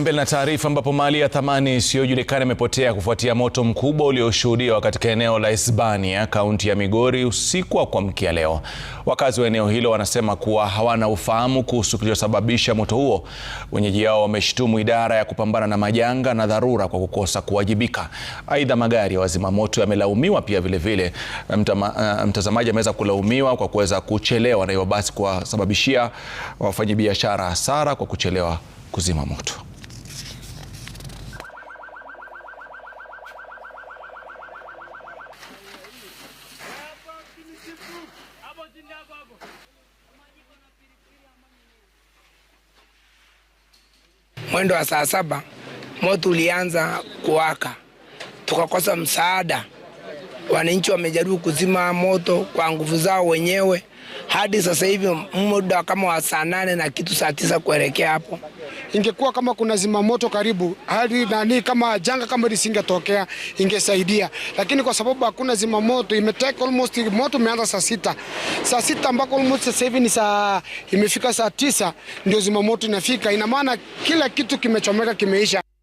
Mbele na taarifa ambapo mali ya thamani isiyojulikana imepotea kufuatia moto mkubwa ulioshuhudiwa katika eneo la Isebania, kaunti ya Migori usiku wa kuamkia leo. Wakazi wa eneo hilo wanasema kuwa hawana ufahamu kuhusu kilichosababisha moto huo. Wenyeji hao wameshtumu idara ya kupambana na majanga na dharura kwa kukosa kuwajibika. Aidha, magari ya wazima moto yamelaumiwa pia vilevile. Eh, mtazamaji ameweza kulaumiwa kwa kuweza kuchelewa na hivyo basi kuwasababishia wafanyabiashara hasara kwa kuchelewa kuzima moto. Mwendo wa saa saba moto ulianza kuwaka, tukakosa msaada. Wananchi wamejaribu kuzima moto kwa nguvu zao wenyewe hadi sasa hivi muda kama wa saa nane na kitu saa tisa kuelekea hapo ingekuwa kama kuna zimamoto karibu, hali nani kama janga kama lisingetokea ingesaidia, lakini kwa sababu hakuna zimamoto, imetake almost moto umeanza saa sita saa sita ambako almost sasa hivi ni saa imefika saa tisa ndio zimamoto inafika. Ina maana kila kitu kimechomeka, kimeisha.